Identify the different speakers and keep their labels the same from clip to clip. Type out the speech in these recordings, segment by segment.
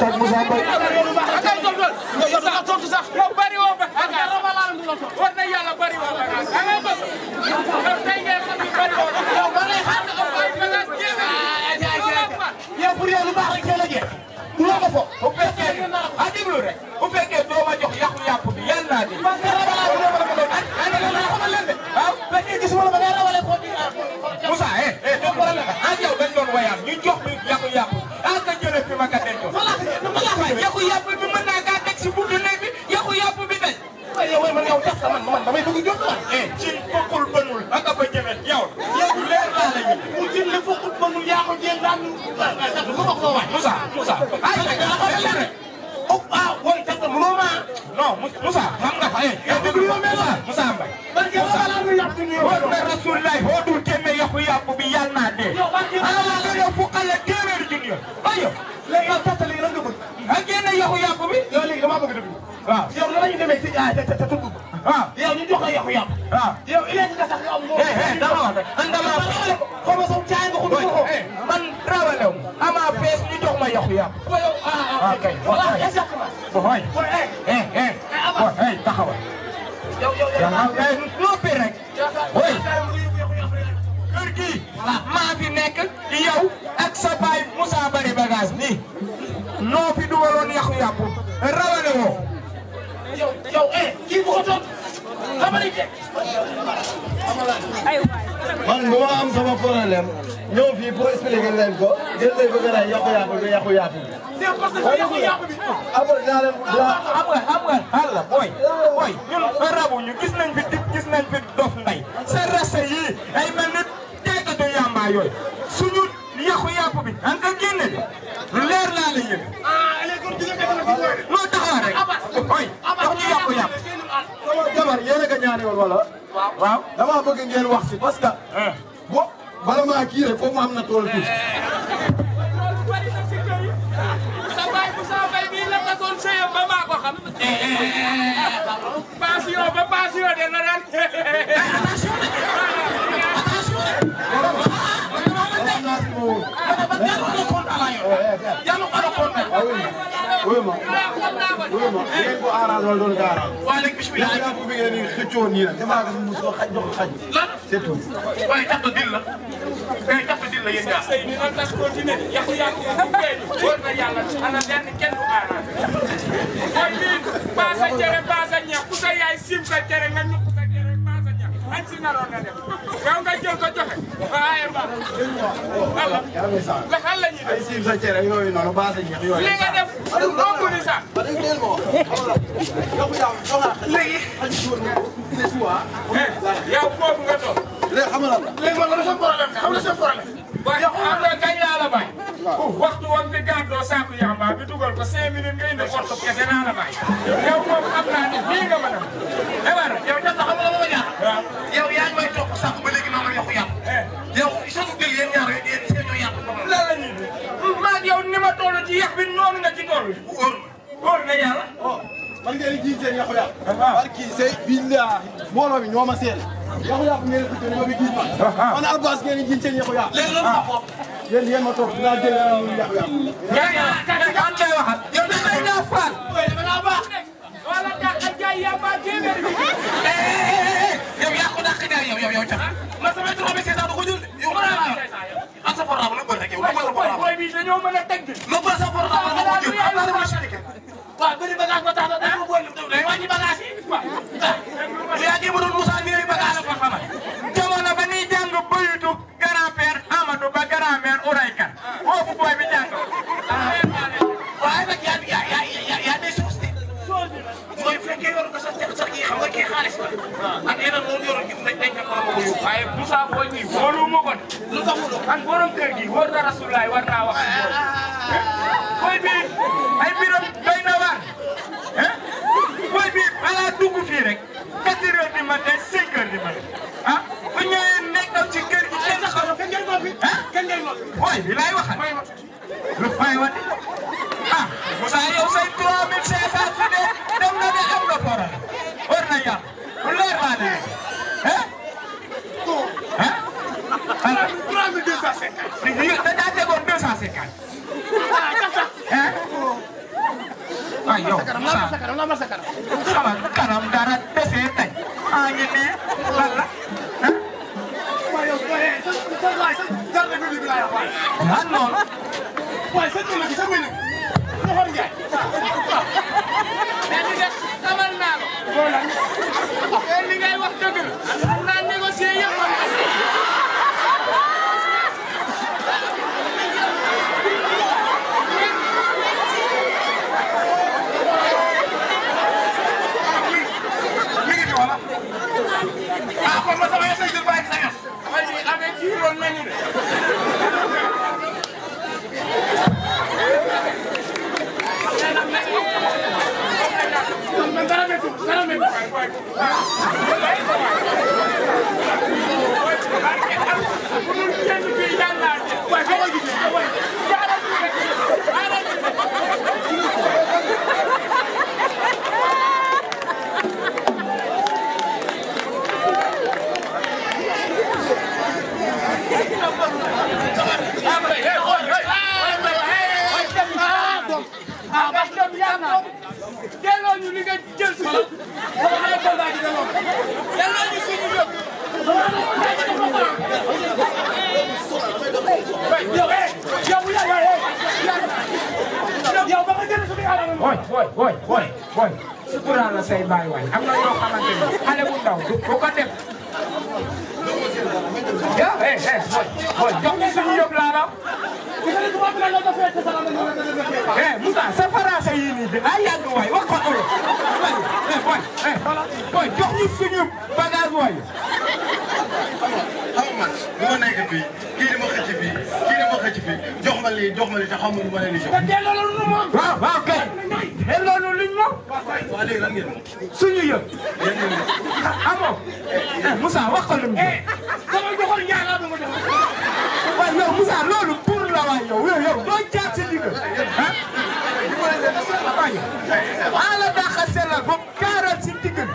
Speaker 1: waxtaan ak Moussa Mbaye. yow sax tontu sax yow bari woo ba. war na yàlla bari woo ba. yow tey ngeen xam ni bari woo ba. yow ba lay xam ne am ay bagages jéem a. yow bu dee lu baax rek jëlee jeex. bu la ko fo. bu fekkee ah déglu rek. bu fekkee doo ma jox yàqu yàpp bi yal naa di. man de rabalaa bi doo ma doon ak. ah dégg naa xamal leen de. waaw bu fekkee gisuma la ba ngay rawalee foofu. Moussa eh eh. donc problème ah yow dañu doon woyaat ñu jox yàqu yàpp bi mën naa kaa teg si buntu nekk bi yàqu yàpp bi dañ. waaye yow man yow tax na man man damay bëgg a jóg man. Eh, ci bokkul bënul ak ab jëmet yow. yow leer laa la ñu. mu ci li bokkul bënul yaa ko jéem daal ñu. waaw waaw ndax lu ma ko waay. Moussa Moussa. aywa aywa aywa. oh ah wala tax na mënoo maa. non Moussa xam nga fa. Eh, yow déglu yow mel na Moussa Mbaye. parce que wala lu yàpp ñu. wala rasulilah boo dul téeméer yàqu yàpp bi yàlla naa dee. yow yaxu yàpp bi yow léegi damaa bëgg dëgg waaw yow la ñu demee si ah te Eu não waaw yow ñu jox la yaxu yàpp waaw yow ileegi eu não nga am ngoo dama wax rek an dama xaw ma eu caay nga xud ko man rawalew ama fees ñu jox ma eu yàpp ko yow ah kay wala exactement bo hoy eh eh bo hey taxawal yow yow noppi rek hoy kër gi ah. maa fi nekk yow ak sa baay Moussa bari bagage nii noo fi dugaloon yàqu-yàqu rawale woo. yow yow eh kii bu ko toog xamali de. man bu ma am sama
Speaker 2: problème ñëw fii pour expliquer leen ko jël leen bëgg naa yàqu-yàqu bi yàqu-yàqu bi.
Speaker 1: c'est parce que yàqu-yàqu bi. après dinaa leen dinaa. am nga am nga xaaral booy. booy ñun rabu ñu gis nañ fi dig gis nañ fi dof nday sa rase yii ay mel ni teekatu yàmbaa yooyu. yëqu yàpp bi an nga génne lu leer laa la yëg ah, noo taxaw rek oy wax ñu yàqu yàpp jabar
Speaker 2: yéen a ko ñaane woon wala waaw dama bëgg ngeen wax si parce que eh. bo bala maa kii rek foofu mu am na tool eh, tuuti
Speaker 1: eh, passion ba passion de la daan
Speaker 2: ويما ويما لين كو اراض ولا دون كارا وعليك باش ولا لا بو
Speaker 1: بيغي ني خيتو ني لا دابا غادي نمسو خاج دوك خاج لا سيتو واي تاخذ دير لا اي تاخذ دير لا يا جماعه سيدي انت كونتيني يا خويا ورنا يلا انا لان كان اراض واي باسا جيري باسا نيا كوسا يا سيم كا جيري man si naroon na def yow nga jël ko joxe waaye baax wala la xal la ñuy def ay
Speaker 2: siim sa cere yooyu noonu baax sa ñeex yooyu li nga
Speaker 1: def romb ni sax léegi eh, yow foofu nga toog léegi xam nga lan la léegi man la seen problème xam la seen problème waaye yow am na kañ la waxtu woon fi gàddoo saako yamba bi dugal ko cinq minutes nga indi xottu kese naa la bàyyi. a. xabaar yow dafa xam nga ma ma ñaar. waaw yaa ngi may topp saako ba léegi maa ma yokku yàpp. Eh. yow sunu gël yéen ñaar yéen yéen seen yoo yàpp. lan la ñuy ni ma toll ci yàq bi nga ci toll. wóor wóor na yàlla. Oh, man ngeen
Speaker 2: di jiite yàqu yàpp. waaw parce que billahi mi ñoo ma seen. yàqu yàqu ngeen di tuddee ngeen di jiit ma. man Albass ngeen di jiit seen yàqu yàqu. léegi lan ko. yéen yéen ma toog dinaa jël yàlla muy yàqu yàqu.
Speaker 1: yaa ngi kat yi kan lay waxal. yow dañu lay naa faal. dafa naa baax rek. wala tax ak jaay yaa maa téeméer bi. yow yaa ko dàq ñaar yow yow yow jox. man sama trop bi seetaan du ko jël. yow mën naa am sa portable nag bëri rek yow. waaye booy booy bi dañoo mën a teg de. ma bëri sa portable nag ko jël. waa bëri bagage ba tax na day day wàññi bagage yi waaw. yaa ngi mënul Moussa ñëwee bagage ba xamal. jamono ba ñuy jàng bëyitu grand-père Amadou ba grand-mère Ouraykan boobu booy bi jàng. waaye nag yaa yaa yaa yaa des suuf si. mooy fekkee yor ko sax sax kii xam nga kii xaalis la. waaw ak yeneen loolu yoroon gis nañ dañ ko mën a ko yóbbu. waaye Moussa booy bi wóoluwuma lu taxuloo kan mooy li lay waxal lu may wan ah saa yow say trois mille cinq cent su dee dem na ne am na problème war na yàq lu leer maa ne hein hein trois mille deux cent cinquante dañaa tegoon deux cent cinquante hein ay yow la ma sa karam la ma sa karam sama karam dara desee tey maa ngi ne ya. jar na bi laa wax waaye loolu waaye sëñ bi nag sëñ bi nag Mouhamed Ndiaye mais li nga xamal naa ko voilà li ngay wax dëgg la naa négocier yëpp ah kon ma sama minute. naa delloo ñu li nga jël si xol xamal naa ko mbaa di delloo delloo ñu suñu yëpp. yow yow yow yow ba nga jël suñu alal. woy woy woy woy woy sukkuraan la say baay waay am na yoo xamante ni xale bu ndaw du ko def. yow eh eh woy woy jox ñu suñu yëpp laa la. bi daa yàgg waay wax ko olof. booy booy jox ñu suñu bagage waay. xam nga bu ma nekk fii kii dama xëcc fii kii dama xëcc fii jox ma lii jox ma lii te xamuñu lu ma leen di jox. waaw waaw kay. delloo nu luñ moom. waaw léegi lan ngeen moom. suñu yëpp. yéen ñu ngi. amoo. Eh, Moussa wax ko lu mu. Eh, dama joxoon ñaar dama jox. waaw yow Moussa loolu pour la waay yow yow yow doo jaar ci digg ah. ala daxa sellal ba kaaral si diggan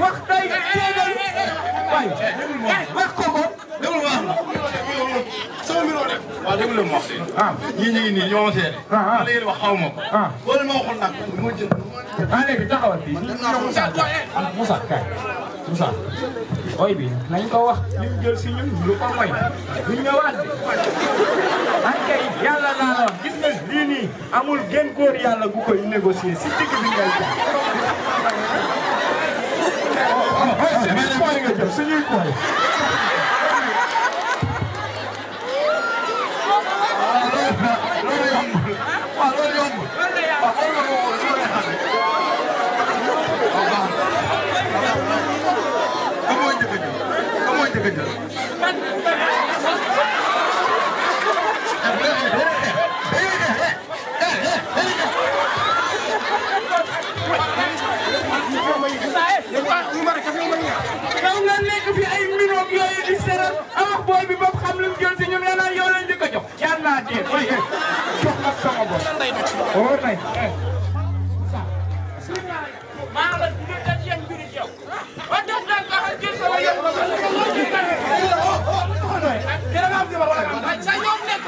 Speaker 1: wax day teegal waay wax ko ko déglu ma sama mbiroo def waaw déglu la ma ah ñii ñu ngi nii ñoo ma seede ma la yéen wax xaw ma ko wala ma waxoon nag ma jël ah léegi taxawal bi Moussa kaay Moussa oy bi nañ ko wax li mu jël si ñun lu ko moy duñ ñëwaat bi an kay yàlla naa la ni amul gën góor yàlla gu koy négocier si digg bi ngay jaar suñuy koy nga jël suñuy koy Thank you. nekk fi ay minoom yooyu di seral ah booy bi bopp xam lu mu jël si ñun nee naa yow lañ di ko jox yàlla naa dee ooy jox ak sama bopp oo nay maa la dina daj yan mbiri yow ba def daal ba xam jël sama yow ba sa yoon nekk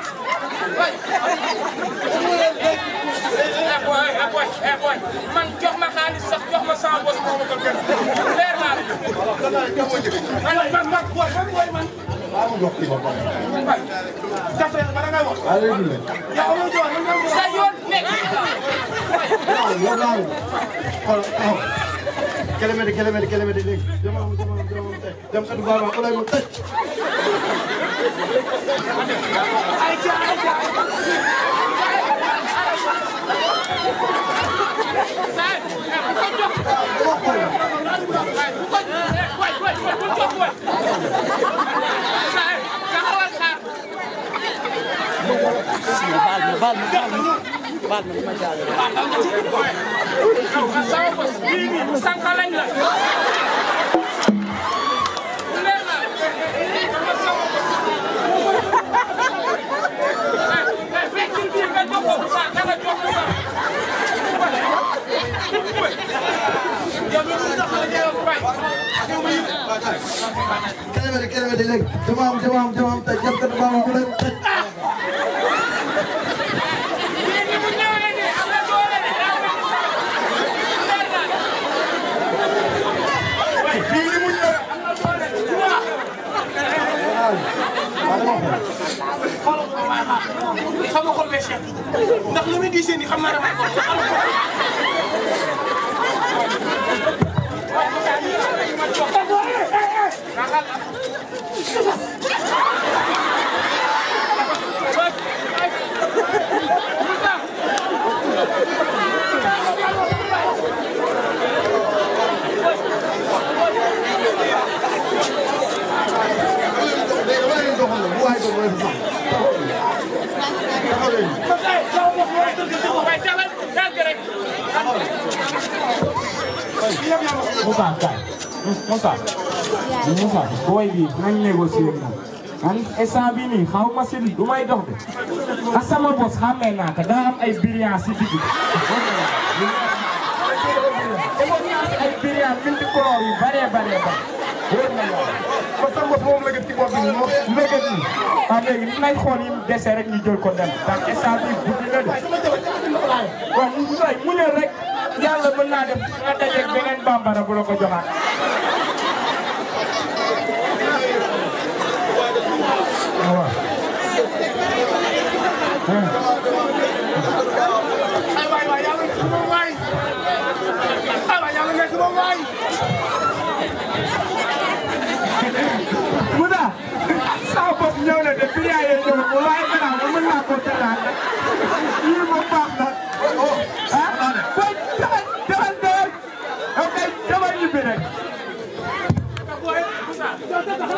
Speaker 1: eh boy eh boy eh, man jox ma xaalis sax jox ma sama bos moo ma ko gën
Speaker 2: kelemede kelemede kelemede léegi jamono jamono jamono tey jam sa dubaaba olay ma tëj ayca ayca ayca
Speaker 1: Bal Bal
Speaker 2: كلمة كلمة لك تمام تمام تمام تجربت تمام
Speaker 1: sama xol bee seet ndax li muy diisee nii xam naa damay ko xam Moussa kay Moussa Moussa booy bi nañ négocier moom man instant bi nii xaw ma si du may dox de ak sama bos xàmmee naa ko daa am ay brillant si digg ay brillant bare bare bare wóor na lool parce que mos moom lëgët ci bopp bi moom ah, lëgët yi. waaw léegi ni dese rek ñu jël ko dem parce que saa bi guddi la de. waaw mu ne rek yàlla mën naa def nga dajeeg beneen bambara bu la joxaat. tey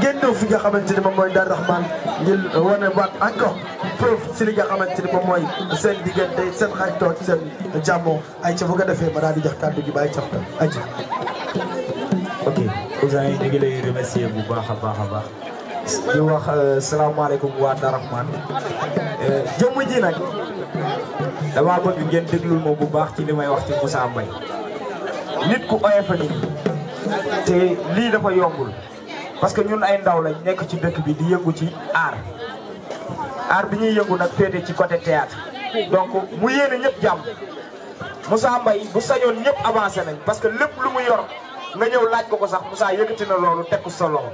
Speaker 2: génn fi nga xamante ni moom mooy Darou Rahmane ngir wane waat encore preuve si li nga xamante ni moom mooy seen diggante seen xaritoo seen jàmmoo ay ca bu nga defee ma daal di jox kàddu gi bàyyi cafka ay ca
Speaker 1: ok Ouzin ñu ngi lay remercier bu baax a baax a baax di wax euh, salaamaaleykum waa Darahman euh, jëmm ji nag dama bëgg ngeen déglul ma bu baax ci li may wax ci Moussa nit ku oyof a te lii dafa yombul parce que ñun ay ndaw lañ nekk ci dëkk bi di yëngu ci aar aar bi ñuy yëgu nag féete ci côté théâtre donc mu yéene ñëpp jàmm Moussa Mbaye bu sañoon ñëpp avancé nañ parce que lépp lu mu yor na ñëw laaj ko ko sax Moussa yëkkati na loolu teg solo sa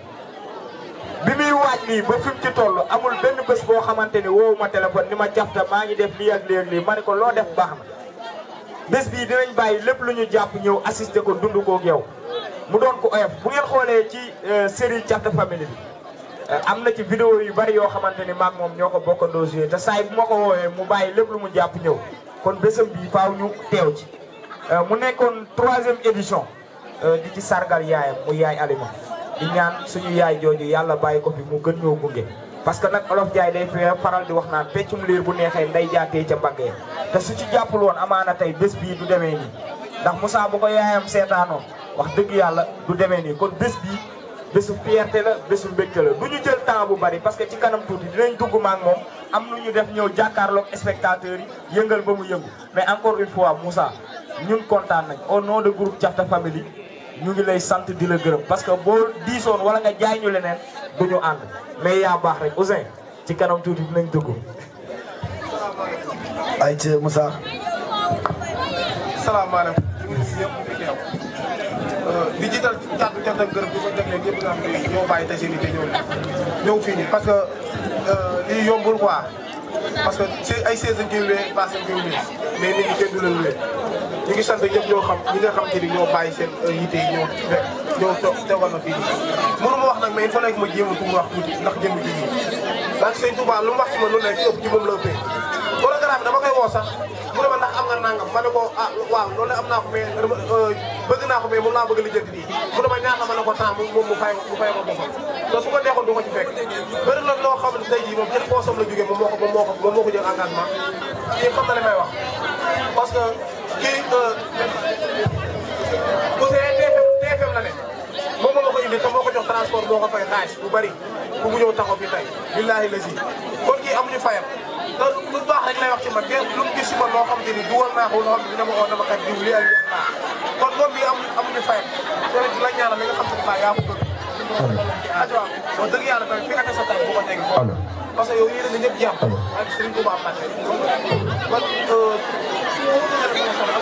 Speaker 1: bi muy waaj lii ba fi mu ci toll amul benn bés koo xamante ni woowu ma téléphone ni ma jafta maa ngi def lii ak lii ak ko loo def baax na bés bii dinañ bàyyi lépp lu ñu jàpp ñëw assister ko dund koog yow mu doon ko oyof bu ngeen xoolee ci euh, série Thiatta Family bi euh, am na ci vidéo yu bari yoo xamante ni maag moom ñoo ko bokkandoo joué te saa yi bu ma ko woowee mu bàyyi lépp lu mu jàpp ñëw kon bésam bii faaw ci euh, mu nekkoon troisième édition Euh, di ci sargal yaayam mu yaay Alima di ñaan suñu yaay jooju yàlla bàyyi ko fi mu gën ñoo gunge parce que nag olof jaay day fee faral di wax naan peccum liir bu neexee nday jaatee ca mbaggee te su ci woon amaana tey bés bii du demee nii ndax Moussa bu ko yaayam seetaanoon wax dëgg yàlla du demee nii kon bés bii bésu fierté la bésu mbégte la du ñu jël temps bu bari parce que ci kanam tuuti dinañ dugg maak moom am nu ñu def ñëw jàkkaarloog spectateurs yi yëngal ba mu yëngu mais encore une fois Moussa ñun kontaan nañ au nom de ñu ngi lay sant di la gërëm parce que boo diisoon wala nga jaay ñu leneen du ñu ànd mais yaa baax rek Ouzin ci kanam tuuti dinañ dugg.
Speaker 2: ay ci Moussa. salaamaaleykum. di jiital kàddu cant ak di ko jagleel ñëpp nga xam ne te seen i te ñëw fii parce que euh, lii yombul quoi parce que ay saison jiw lee baax na jiw lee mais nit ñi ñu ngi sant ñëpp ñoo xam ñi nga xam te ñoo bàyyi seen yite na fii mënu ma wax nag mais il ma jéem a pour mu wax ndax jëm ji ñi ndax sëñ Touba lu mu wax ci ma lu nekk la ëppee programme dama koy woo sax mu ne ma ndax am nga ma ne ko ah waaw am naa ko mais euh, bëgg naa ko mais moom laa bëgg li ko temps moom mu ko deexoon du ko ci fekk ko moom moo ko moom moo wax parce kii Ousseynou TFM TFM la ne moom moo ko indi te moo ko jox transport moo ko fay xaalis bu bari bu mu ñëw taxaw fi tey billaahi la si kon kii amuñu fayam te lu baax rek lay wax ci man dégg lu mu gis ci man loo xam te ni dugal naa ko loo xam ne dina ma oo dama kat diw lii ak lii naa kon moom bi amuñu amuñu fayam tamit di la ñaanal li nga xam te ne yaa ko bëgg. waaw ah, wax dëgg yàlla tamit fi nga des a tànn bu ko tegi foofu. parce que yow yéen a ngi ñëpp jàmm. ak Serigne Touba Mbacké. kon. Euh, xam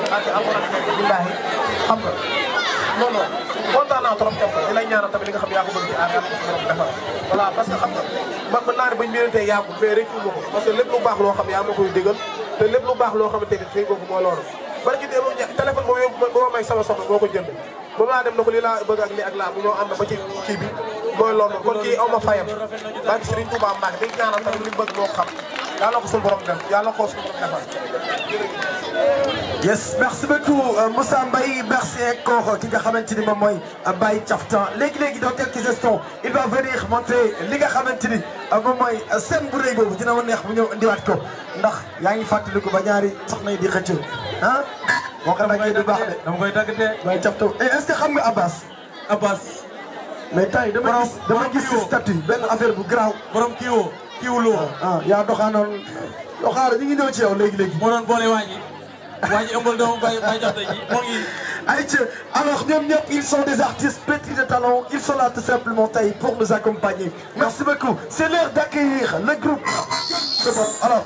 Speaker 2: nga non non kontaan naa trop def ko di lay ñaanal tamit li nga xam yaa ko bëgg ci aar yàlla ko si borom defal parce que xam nga man mën naa ne bañ mënantee yàggu mais rëccu ma ko parce que lépp lu baax loo xam yaa ma koy digal te lépp lu baax loo xamante ni xëy boobu moo loolu barki dee moom téléphone boobu ma may sama soxna moo ko jënd moom laa dem na ko lii laa bëgg ak lii ak laa bu ñoo am na ba ci kii bi mooy loolu kon kii aw ma fayam barke Serigne Touba Mbacke dañ ñaanal tamit li mu bëgg moo xam yàlla ko suñu borom def yàlla ko suñu borom defal yes merci beaucoup euh, Moussa Mbaye merci encore ki nga xamante ni moom mooy euh, Baye Thiaftan léegi léegi dans quelques instants il va venir monter li nga xamante ni euh, moom mooy seen bu rëy boobu dina ma neex bu ñëw indiwaat ko ndax yaa ngi fàttaliku ba ñaari soxna yi di xëccoo ah. moo ko daggee du baax de dama koy dagg de. Baye Thiaftan est-ce que xam nga Abbas. Abbas. mais tay dama gis dama gis si statut benn affaire bu grave borom kii woo kii wu loo. Ah, ah yaa doxaanoon doxaara ñu ngi ñëw ci yow léegi léegi. mo doon bolé waji waji waa ji ëmbal doomu bay bay jox ji mo ngi. ay ci alors ñom ñep ils sont des artistes petits de talent ils sont là tout
Speaker 1: simplement tay pour nous accompagner merci beaucoup c'est l'heure d'accueillir le groupe. c'est bon alors.